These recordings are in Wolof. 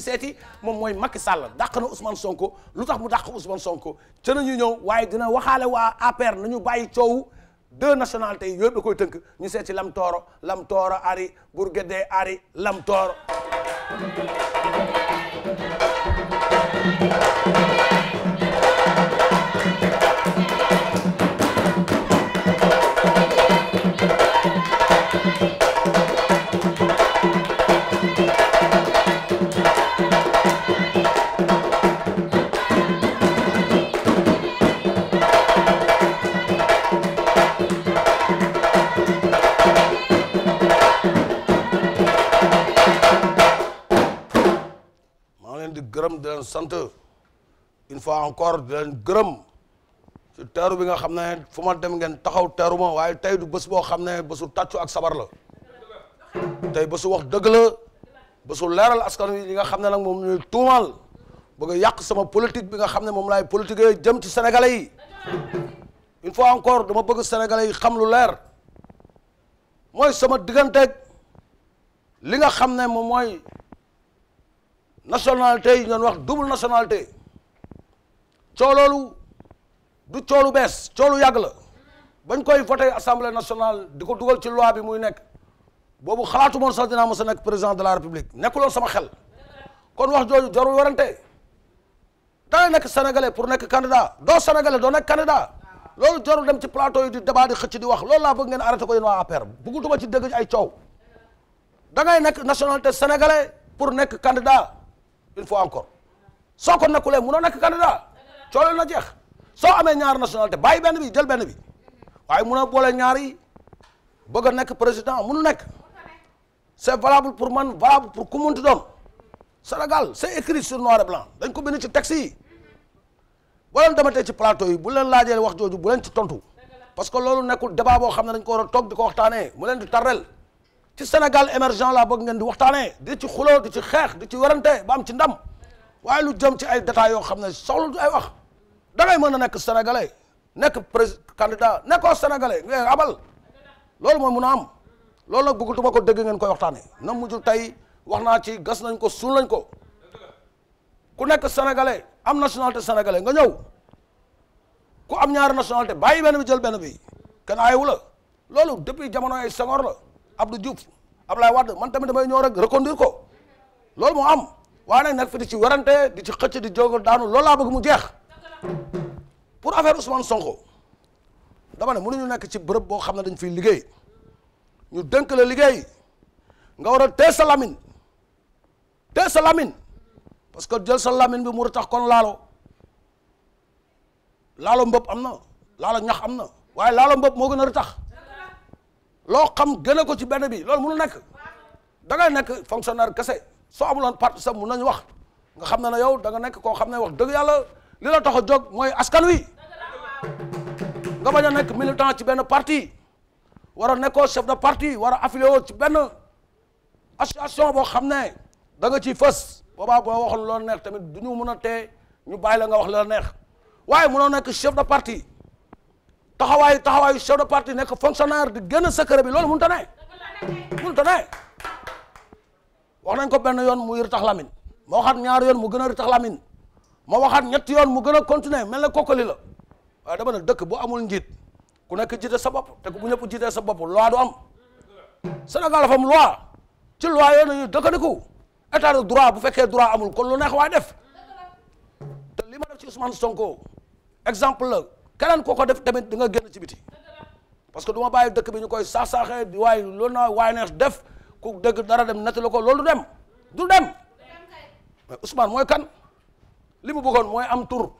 seeti moom mooy Macky Sall dàq na Ousmane Sonko lu tax mu dàq Ousmane Sonko ca nañu ñëw waaye dina waxaale waa APR nañu bàyyi coow deux nationalités yëpp da koy tënk ñu seeti Lam Tooro Lam Tooro Ari Bourguedé Ari Lam Tooro gërëm di leen sant une fois encore di leen gërëm ci bi nga xam ne fu ma dem ngeen taxaw teeru ma waaye tey du bés boo xam ne bésu tàccu ak sabar la tey bésu wax dëgg la bésu leeral askan wi li nga xam ne nag moom ñuy tuumaal bëgg a yàq sama politique bi nga xam ne moom laay politiquer jëm ci sénégalais yi une fois encore dama bëgg sénégalais yi xam lu leer mooy sama digganteeg li nga xam ne moom mooy nationalité yi ngeen wax double nationalité cooloolu du coolu bees coolu yàgg la bañ koy voté assemblée nationale di ko dugal ci loi bi muy nekk boobu xalaatu moon sax dinaa mos a nekk président de la république nekkuloon sama xel kon wax jooju jarul warante dangay nekk sénégalais pour nekk candidat doo sénégalais doo nekk candidat loolu jarul dem ci plateau yi di débat di xëcc di wax loolu laa bëgg ngeen arrêté ko yéen waa APR bëggu duma ci dëgg ay coow dangay nekk nationalité pour nekk candidat une fois encore soo ko nekkulee munoo nekk candidat cooleel na jeex soo amee ñaar nationalité bàyyi benn bi jël benn bi waaye munoo boole ñaar yi bëgg a nekk président munu nekk c'est valable pour man valable pour ku munti doon Sénégal c'est écrit sur noir et blanc dañ ko bind ci texte yi boo leen dematee ci plateau yi bu leen laajee wax jooju bu leen ci tontu parce que loolu nekkul débat boo xam ne dañ ko war a ko waxtaanee mu leen di tarrel ci Sénégal émergent laa bëgg ngeen di waxtaanee di ci xuloo di ci xeex di ci werante ba am ci ndam waaye lu jëm ci ay détails yoo xam ne soxla du ay wax dangay mën a nekk sénégalais nekk président candidat nekkoo sénégalais ngay abal loolu mooy mun a am loolu nag bëggatuma ko dégg ngeen koy waxtaanee tey wax naa ci gas nañ ko suul nañ ko ku nekk sénégalais am nationalité sénégalais nga ñëw ko am ñaari nationalité bàyyi benn bi jël benn bi kenn aayewu la loolu depuis jamono ay Senghor Abdou ab Abdoulaye Wade man tamit damay ñëw rek reconduire ko loolu moo am waaye nag nekk fi di ci werante di ci xëcc di jógal daanu lool laa bëgg mu jeex pour affaire Ousmane Sonko dama ne mënuñu nekk ci bërëb boo xam ne dañ fi liggéey ñu dënk la liggéey nga war a tee sa lamine tee sa lamine parce que jël sa lamine bi mu tax kon laalo laalo mbëpp am na laalo ñax am na waaye laalo mbëpp moo gën a rëtax loo xam gën a ko ci benn bi loolu mënul nekk da ngay nekk fonctionnaire kese soo amuloon parti sa mun nañu wax nga xam ne ne yow da nga nekk koo xam ne wax dëgg yàlla li la tax a jóg mooy askan wi nga bañ a nekk militant ci benn parti war a nekkoo chef de parti war a affilié woo ci benn association boo xam ne da nga ciy fës boobaa boo waxoon loo neex tamit du ñu mën a tee ñu bàyyi nga wax la neex waaye mënoo nekk chef de parti taxawaayu taxawaayu chef de parti nekk fonctionnaire di génn secret bi loolu mënut a ne mënut a ne wax nañ ko benn yoon mu yër tax lamin ma waxaat ñaari yoon mu gën a yër tax lamin ma waxaat ñetti yoon mu gën a continuer mel ne kokkali la waaye dëkk bu amul njiit ku nekk jiite sa bopp te bu ñëpp jiitee sa bopp loi du am Sénégal dafa am loi ci loi yooyu nañu dëkkandiku état bu fekkee droit amul kon lu neex waaye li ma def ci Ousmane Sonko exemple keneen koo ko def tamit da nga génn ci biti parce que du ma bàyyi dëkk bi ñu koy saax-saaxee waay loolu na waaye neex def ku dëgg dara dem netti la ko loolu dem du dem mais Ousmane mooy kan li mu buggoon mooy am tur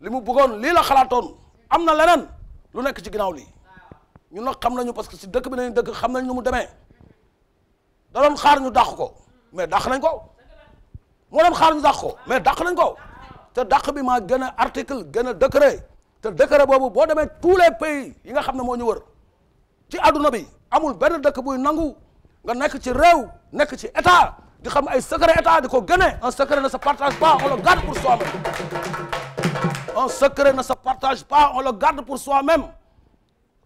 li mu buggoon lii la xalaatoon am na leneen lu nekk ci ginnaaw lii ñu nag xam nañu parce que si dëkk bi nañu dëkk xam nañ nu mu demee da doon xaar ñu dàq ko mais dàq nañ ko moo doon xaar ñu dàq ko mais dàq nañ ko te dàq bi maa gën a article gën a décret te décret boobu boo demee tous les pays yi nga xam ne moo ñu wër ci àdduna bi amul benn dëkk buy nangu nga nekk ci réew nekk ci état di xam ay secret état di ko génne un secret ne se partage pas on le garde pour soi-même un secret ne se partage pas on le garde pour soi-même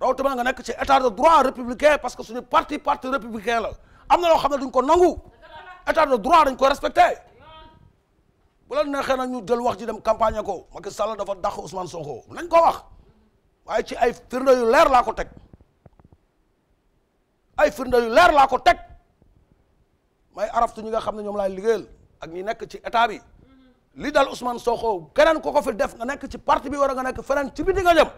rawatina nga nekk ci état de droit républicain parce que suñu parti parti républicain la am na loo xam ne duñ ko nangu état de droit dañ ko respecté bu leen neexee nag ñu jël wax ji dem campagne ko Macky Sall dafa dàq Ousmane Sonko nañ ko wax waaye ci ay firnde yu leer laa ko teg ay yu leer laa ko teg may araftu ñi nga xam ne ñoom laay liggéeyal ak ñi nekk ci état bi li dal Ousmane Sonko keneen ko ko fi def nga nekk ci parti bi war a nga nekk feneen ci biti nga jëm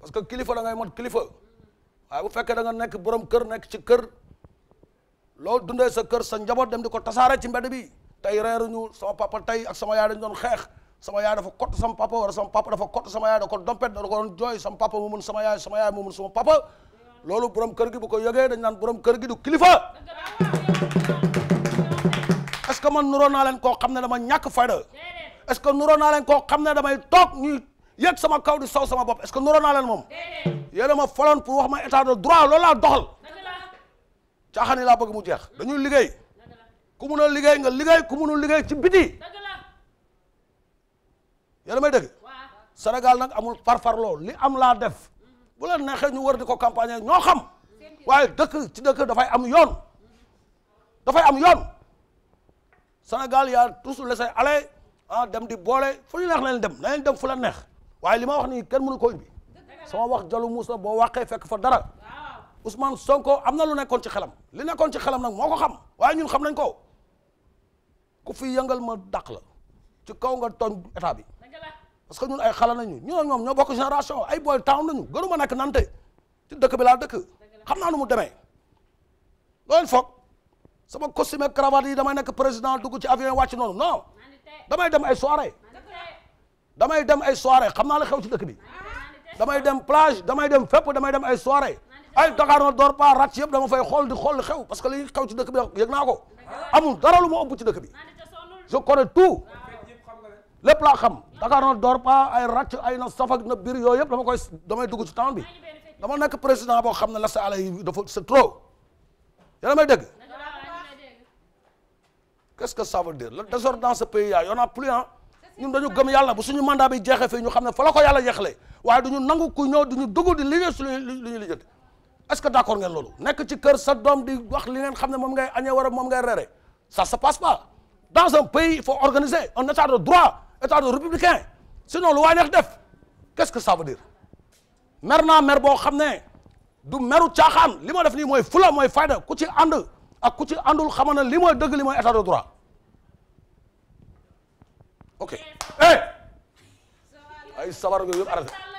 parce que kilifa da ngay mot kilifa waaye bu fekkee da nga nekk borom kër nekk ci kër loo dundee sa kër sa njaboot dem di ko tasaare ci mbedd bi. tey reeruñu sama papa tey ak sama yaay dañ doon xeex sama yaay dafa kott sama papa wala sama papa dafa kott sama yaay da ko dompet da ko doon jooy sama papa mu mën sama yaay sama yaay mu mën sama papa loolu borom kër gi bu ko yëgee da naan borom kër gi du kilifa est-ce que man nuroon naa leen koo xam ne dama ñàkk fayda est que nuroon naa leen koo xam ne damay toog ñuy yéeg sama kaw di saw sama bopp est-ce que nuroon naa leen moom yéena ma faloon pour wax ma état de droit loolu laa doxal caaxaan yi laa bëgg mu jeex dañuy liggéey ku munul liggéey nga liggéey ku munul liggéey ci biti yéen a may dégg Sénégal nag amul farfarloo li am laa def bu la neexee ñu war di ko campagne ñoo xam waaye dëkk ci dëkk dafay am yoon dafay am yoon Sénégal yaa tous laissé aller ah, dem di boole fu ñu neex na leen dem na leen fu la neex waaye li ma wax ni kenn mënu ko indi sama wax jalu muus boo waxee fekk fa dara Ousmane Sonko am na lu nekkoon ci xelam li nekkoon ci xelam nag moo ko xam waaye ñun xam nañ ko ku fi yëngal ma dàq la ci kaw nga ton état bi parce que ñun ay xale nañu ñun ak ñoom ñoo bokk génération ay booy town nañu gënu ma nekk nante ci dëkk bi laa dëkk xam naa nu mu demee loolu foog sama costume cravate yi damay nekk président dugg ci avion wàcc noonu non damay dem ay soirée damay dem ay soirée xam naa la xew ci dëkk bi damay dem plage damay dem fépp damay dem ay soirée ay Dakar na door pas rat yëpp dama fay xool di xool xew parce que li xew ci dëkk naa ko amul dara lu ma ci dëkk bi je connais tout lépp laa xam Dakar na door pas ay ràcc ay na safak na biir yooyu yëpp dama koy damay dugg ci temps bi dama nekk président boo xam ne la sa ala yi dafa c'est trop yéen may dégg qu'est-ce que ça veut dire le désordre dans ce pays là y'en a plus hein ñun dañu gëm yàlla bu suñu mandat bi jeexee fii ñu xam ne fa la ko yàlla jeexalee waaye duñu nangu ku ñëw duñu dugg di liggéey suñu lu ñuy liggéey est-ce que d'accord ngeen loolu nekk ci kër sa doom di wax li ngeen xam ne moom ngay a moom ngay reere ça dans un pays il faut organiser un état de droit état de républicain sinon lu waay neex def qu'est-ce que ça veut dire mer naa mer boo xam ne du meru caaxaan li ma def nii mooy fula mooy fayda ku ci ànd ak ku ci àndul xaman na li mooy dëgg li mooy état de droit ok eh ay sabar yooyu yëpp arrêté